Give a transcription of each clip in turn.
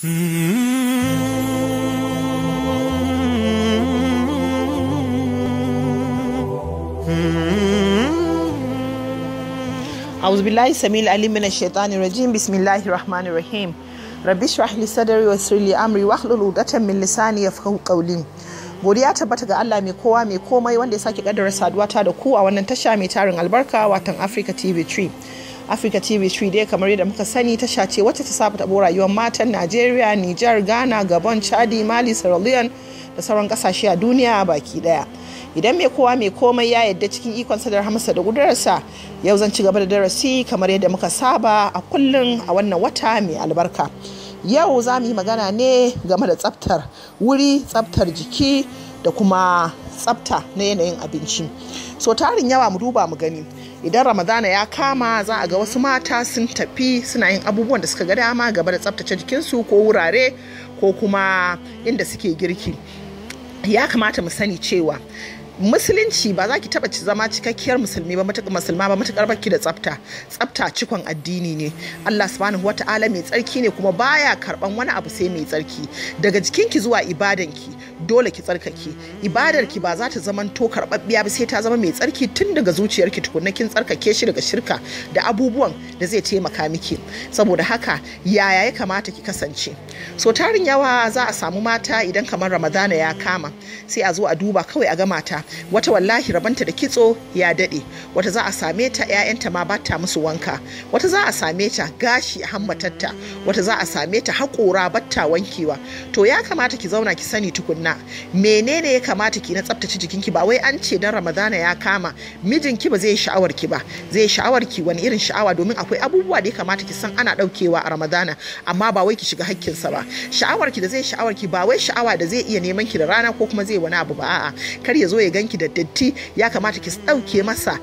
أعوذ بالله السميع العليم من الشيطان الرجيم بسم الله الرحمن الرحيم rabbi shrah li sadri wa yassir amri wa hlul udatan min lisani godiya tabbata ga Allah mai kowa mai komai wanda ya sake kaddara saduwa ta da ku a wannan tasha mai tarin albarka watan Africa TV 3 Africa TV 3 dai kamar yadda muka sani tasha ce wacce ta saba tabo rayuwar matan nigeria niger Ghana, Gabon, Chadi, Mali, Sierra Leone da sauran kasashe a duniya baki daya. Idan mai kowa mai komai ya yadda cikin ikon sadar hamsa da gudararsa yau zan ci gaba da darasi kamar yadda muka saba a kullum a wannan wata mai albarka. Yau za mu yi magana ne game da tsaftar wuri, tsaftar jiki da kuma tsafta na yanayin abinci so tarin yawa mu duba mu gani idan ramadana ya kama za a ga wasu mata sun tafi suna yin abubuwan da suka ga dama gaba da tsaftace jikinsu ko wurare ko kuma inda suke girki ya kamata mu sani cewa musulunci ba za ki taba ci zama cikakkiyar musulmi ba matakar musulma ba matakar baki da tsafta tsafta cikon addini ne Allah subhanahu wata'ala mai tsarki ne kuma baya karban wani abu sai mai tsarki daga jikinki zuwa ibadanki dole ki tsarkake ibadarki ba za ta zama to karbabbiya ba sai ta zama mai tsarki tun daga zuciyarki tukunna kin tsarkake shi daga shirka da abubuwan da zai taimaka miki saboda haka yaya ya kamata ki kasance so tarin yawa za a samu mata idan kamar ramadana ya kama sai a zo a duba kawai a ga mata wata wallahi rabanta da kitso ya daɗe wata za a same ta 'ya'yanta ma bata musu wanka wata za a same ta gashi hammatatta wata za a same ta haƙora batta wankewa to ya kamata ki zauna ki sani tukunna menene ya kamata ki na tsaftace jikinki ba wai an ce dan ramadana ya kama mijinki ba zai sha'awar ki ba zai sha'awar ki wani irin sha'awa domin akwai abubuwa da ya kamata ki san ana ɗaukewa a ramadana amma ba wai ki shiga hakkinsa ba sha'awar ki da zai sha'awar ki ba wai sha'awa da zai iya neman ki da rana ko kuma zai wani abu ba a'a kar ya zo ya ganki da datti ya kamata ki ɗauke masa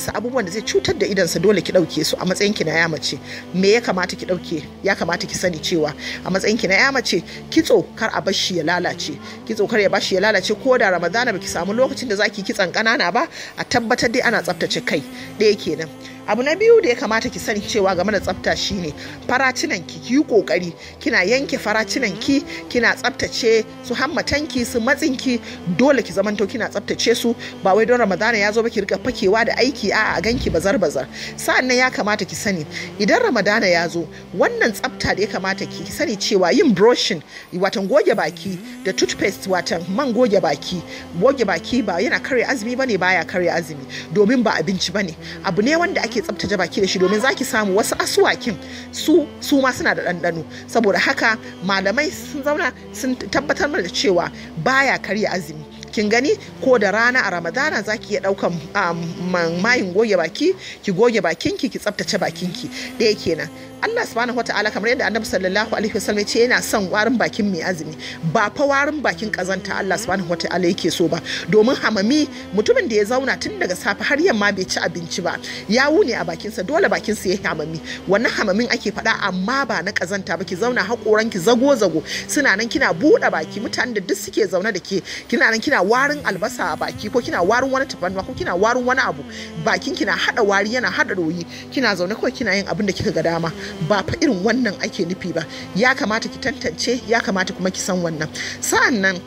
sa abubuwan da zai cutar da idansa dole ki ɗauke su a matsayin ki na ya mace me ya kamata ki dauke ya kamata ki sani cewa a matsayin ki na ya mace kitso kar a bashi ya lalace kitso kar ya bashi ya lalace ko da ramadana baki samu lokacin da zaki kitsan ƙanana ba a tabbatar dai ana tsaftace kai ɗaya kenan abu na biyu da ya kamata ki sani cewa game da tsafta shine faracinan ki yi kokari kina yanke faracinan ki kina tsaftace su hammatanki su matsinki dole ki zamanto kina tsaftace su ba wai don ramadana ya zo ba ki rika fakewa da aiki a a ganki bazar bazar sa'annan ya kamata ki sani idan ramadana ya zo wannan tsafta da ya kamata ki sani cewa yin brushing watan goge baki da toothpaste watan man goge baki goge baki ba yana karya azumi bane baya karya azumi domin ba abinci bane abu ne wanda ake ake tsabtace baki da shi domin za ki samu wasu asuwakin su su ma suna da ɗanɗano saboda haka malamai sun zauna sun tabbatar da cewa baya karya azumi kin gani ko da rana a ramadana za ki iya ɗaukan um, mayin goge baki ki goge bakinki ki tsaftace bakinki ɗaya kenan Allah subhanahu wataala kamar yadda annabi sallallahu alaihi wasallam ce yana son warin bakin mai azumi ba fa warin bakin kazanta Allah subhanahu wataala yake so ba domin hamami mutumin da ya zauna tun daga safe har yamma bai ci abinci ba ya wune a bakinsa dole bakinsa ya hamami wannan hamamin ake faɗa amma ba na kazanta ba ki zauna haƙoranki zago zago suna nan kina buɗe baki mutanen da duk suke zaune da ke kina nan kina warin albasa a baki ko kina warin wani tafarnuwa ko kina warin wani abu bakin kina hada wari yana hada doyi kina zaune kawai kina yin abin da kika ga dama ba fa irin wannan ake nufi ba ya kamata ki tantance ya kamata kuma ki san wannan sa'annan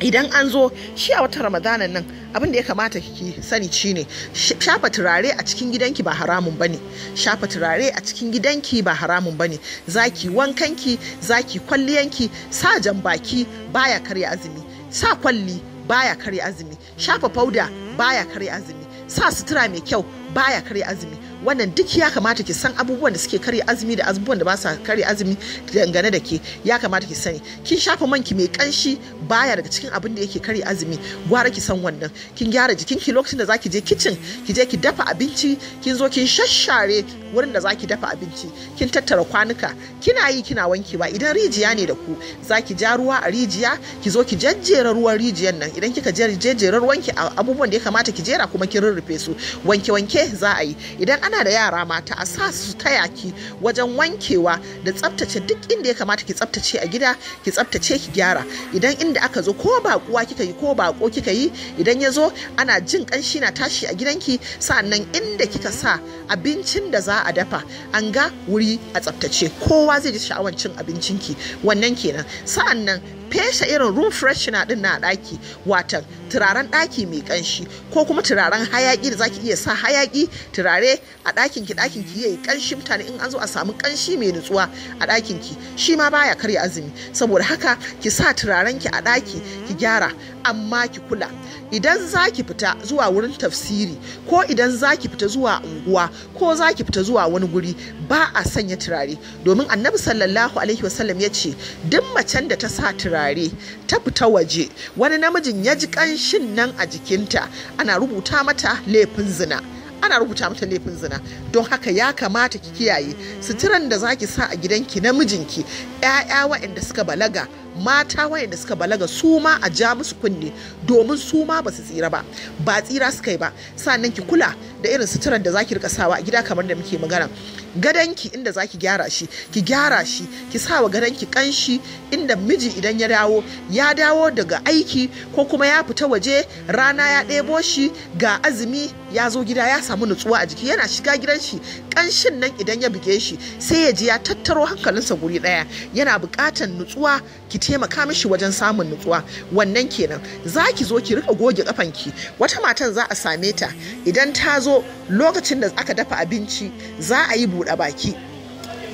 idan an zo shi a watan ramadanan nan abin da ya kamata ki sani ne shafa turare a cikin gidanki ba haramun ba ne shafa turare a cikin gidanki ba haramun ba ne bane zaki wankanki zaki kwalliyanki sa jan baki baya karya azumi sa kwalli baya karya azumi shafa fauda baya karya azumi sa sutura mai kyau baya karya azumi wannan duk ya kamata ki san abubuwan da suke karya azumi da abubuwan da ba sa karya azumi dangane da ke ya kamata ki sani kin shafa man ki mai kanshi baya daga cikin abin da yake karya azumi gwara ki san wannan kin gyara jikin ki lokacin da zaki je kitchen ki je ki dafa abinci kin zo kin shashare wurin da zaki dafa abinci kin tattara kwanuka kina yi kina wankewa idan rijiya ne da ku zaki ja ruwa a rijiya ki zo ki jajjera ruwan rijiyan nan idan kika jajjera ruwan ki abubuwan da ya kamata ki jera kuma kin rurrufe su wanke wanke ce za a yi idan ana da yara mata a sa su taya ki wajen wankewa da tsaftace duk inda ya kamata ki tsaftace a gida ki tsaftace ki gyara idan inda aka zo ko bakuwa kika yi ko baƙo kika yi idan ya zo ana jin ƙanshi na tashi a gidanki sa'annan inda kika sa abincin da za a dafa an ga wuri a tsaftace kowa zai ji sha'awar cin abincinki wannan kenan sa'annan fesa irin room freshener din na daki watan turaren daki mai kanshi ko kuma turaren hayaki da zaki iya sa hayaki turare a ɗakin ki dakin ki yayi ƙanshi mutane in an zo a samu ƙanshi mai nutsuwa a ɗakinki ki shi ma baya karya azumi saboda haka ki sa turaren ki a daki ki gyara amma ki kula idan zaki fita zuwa wurin tafsiri ko idan zaki fita zuwa unguwa ko zaki fita zuwa wani guri ba a sanya turare domin annabi sallallahu alaihi wasallam ya ce duk macen da ta sa turare turare ta fita waje wani namijin ya ji kanshin nan a jikinta ana rubuta mata laifin zina ana rubuta mata laifin zina don haka ya kamata ki kiyaye suturan da zaki sa a gidanki namijinki 'ya'ya waɗanda suka balaga mata wayanda suka balaga su ma a ja musu kunne domin su ma ba su tsira ba ba tsira suka yi ba sannan ki kula da irin suturar da zaki rika sawa a gida kamar da muke magana gadanki inda zaki gyara shi ki gyara shi ki sawa gadanki kanshi inda miji idan ya dawo ya dawo daga aiki ko kuma ya fita waje rana ya ɗebo shi ga azumi ya zo gida ya samu nutsuwa a jiki yana shiga gidan shi kanshin nan idan ya buge shi sai ya ji ya tattaro hankalinsa guri ɗaya yana buƙatar nutsuwa ki taimaka mishi wajen samun nutsuwa wannan kenan za ki zo ki rika goge kafanki wata matan za a same ta idan ta zo lokacin da aka dafa abinci za a yi buɗe baki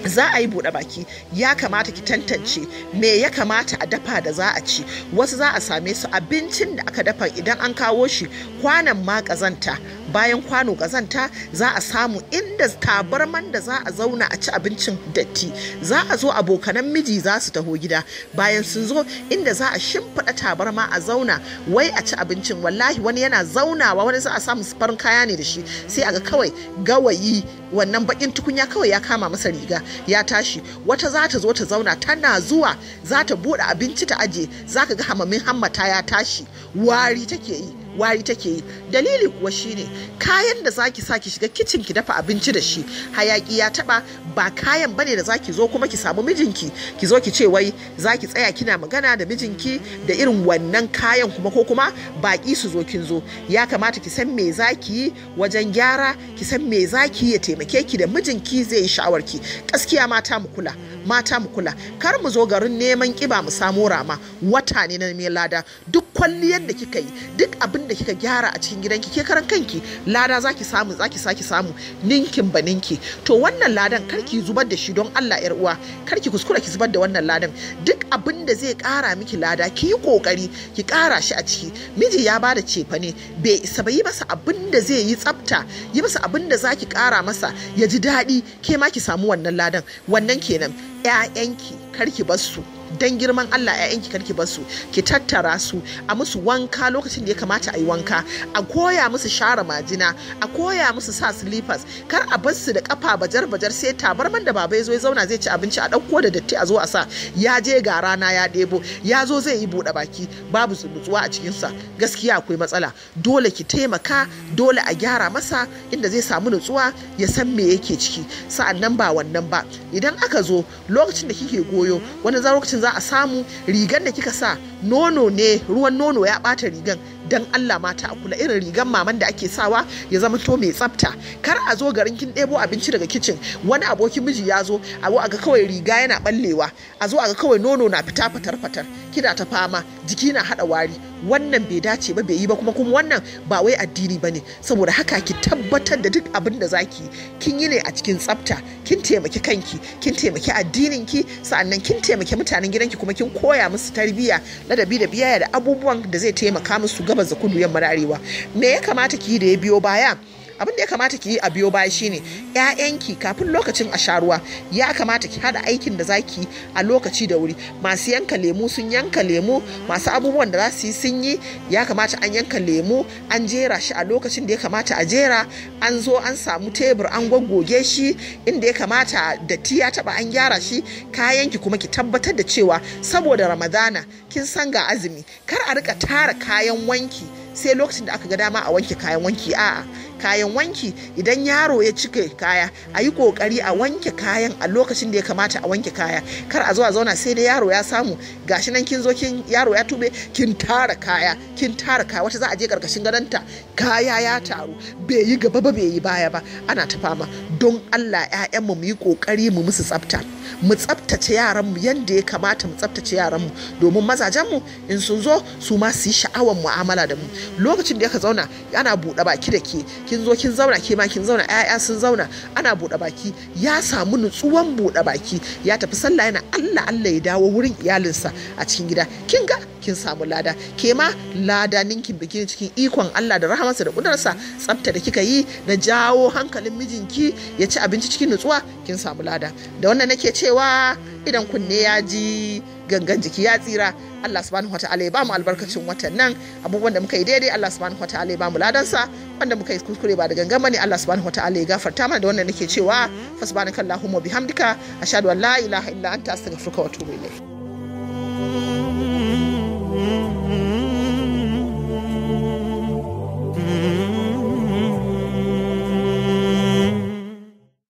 za a yi buɗe baki ya kamata ki tantance me ya kamata a dafa da za a ci wasu za a same su abincin da aka dafa idan an kawo shi kwanan ma ƙazanta bayan kwano ƙazanta za a samu inda tabarman da za a zauna a ci abincin datti za a zo abokanan miji za su taho gida bayan sun zo inda za a shimfiɗa tabarma a zauna wai a ci abincin wallahi wani yana zaunawa wani za a samu farin kaya ne da shi sai a ga kawai gawayi wannan bakin tukunya kawai ya kama masa riga ya tashi wata za ta zo ta zauna tana zuwa za ta buɗe abinci ta aje za ka ga hamamin hammata ya tashi wari take yi wari take yi dalili kuwa shine kayan da zaki sa ki shiga kicin ki dafa abinci da shi hayaki ya taba ba kayan bane da zaki zo kuma ki samu mijinki ki zo ki ce wai zaki tsaya kina magana da mijinki da irin wannan kayan kuma ko kuma baki su zo kin zo ya kamata ki san me zaki yi wajen gyara ki san me zaki ya taimake ki da mijinki zai yi shawarki gaskiya mata mu kula mata mu kula kar mu zo garin neman kiba mu samu rama wata ne na me lada duk kwalliyar da kika yi duk abin da kika gyara a cikin gidanki ke karan kanki lada zaki samu zaki saki samu ninkin ba ninki to wannan ladan kar karki zubar da shi don Allah yar uwa ki kuskura ki zubar da wannan ladan duk abin da zai kara miki lada ki yi kokari ki kara shi a ciki miji ya bada cefa ne bai isa ba yi masa abin da zai yi tsafta yi masa abin da zaki kara masa ya ji daɗi ke ma ki samu wannan ladan wannan kenan 'ya'yanki ki bar su dan girman Allah ƴaƴanki karki basu ki tattara su a musu wanka lokacin da ya kamata a yi wanka a koya musu share majina a koya musu sa slippers kar a bar su da kafa bajar bajar sai tabarman da baba ya zo ya zauna zai ci abinci a ɗauko da datti a zo a sa ya je ga rana ya ɗebo ya zo zai yi buɗe baki babu tsubutsuwa a sa gaskiya akwai matsala dole ki taimaka dole a gyara masa inda zai samu nutsuwa ya san me yake ciki sa'annan ba wannan ba idan aka zo lokacin da kike goyo wani lokacin za a samu rigan da kika sa nono ne ruwan nono ya bata rigan dan Allah mata a kula irin rigan maman da ake sawa ya zama to mai tsafta kar a zo garin kin ɗebo abinci daga kicin wani abokin miji ya zo a ga kawai riga yana ballewa a zo a ga kawai nono na fita fatar fatar kina ta fama jiki na haɗa wari wannan bai dace ba bai yi ba kuma kuma wannan ba wai addini ba ne saboda haka ki tabbatar da duk abin da zaki kin yi ne a cikin tsafta kin taimaki kanki kin taimaki addinin ki sa'annan kin taimaki mutanen gidanki kuma kin koya musu tarbiyya ladabi da biyayya da abubuwan da zai taimaka musu gaba da kudu yamma arewa me ya kamata ki yi da ya biyo baya abin da ya kamata ki yi a biyo baya shine ƴaƴanki kafin lokacin a sha ruwa ya kamata ki hada aikin da zaki a lokaci da wuri masu yanka lemu sun yanka lemu masu abubuwan da za su yi sun yi ya kamata an yanka lemu an jera shi a lokacin da ya kamata a jera an zo an samu tebur an goggoge shi inda ya kamata datti ya taba an gyara shi kayanki kuma ki tabbatar da cewa saboda ramadana kin san ga azumi kar a rika tara kayan wanki sai lokacin da aka ga dama a wanke kayan wanki a'a kayan wanki idan yaro ya cike kaya a yi kokari a wanke kayan a lokacin da ya kamata a wanke kaya kar a zo a zauna sai dai yaro ya samu gashi nan kin zo kin yaro ya tube kin tara kaya kin tara kaya wata za a je karkashin gadanta kaya ya taru bai yi gaba ba bai yi baya ba ana ta fama don Allah 'ya'yanmu mu yi kokari mu musu tsafta mu tsabtace yaranmu yadda ya kamata mu tsabtace mu domin mazajenmu in sun zo su ma su yi sha'awar mu'amala da mu lokacin da ya ka zauna ana buɗe baki da ke kin zo kin zauna ke ma kin zauna ƴaƴa sun zauna ana buɗe baki ya samu nutsuwan buɗe baki ya tafi sallah yana Allah Allah ya dawo wurin iyalinsa a cikin gida kin ga kin samu lada ke ma lada ninkin biki cikin ikon Allah da rahamarsa da kudarsa tsafta da kika yi na jawo hankalin mijinki ya ci abinci cikin nutsuwa kin samu lada da wannan nake cewa idan kunne ya ji gangan jiki ya tsira Allah subhanahu wataala ya ba mu albarkacin watan nan abubuwan da muka yi daidai Allah subhanahu wataala ya ba mu ladansa wanda muka yi kuskure ba da gangan bane Allah subhanahu wataala ya gafarta mana da wannan nake cewa fa subhanakallahumma bihamdika ashhadu an la ilaha illa anta astaghfiruka wa atubu ilayk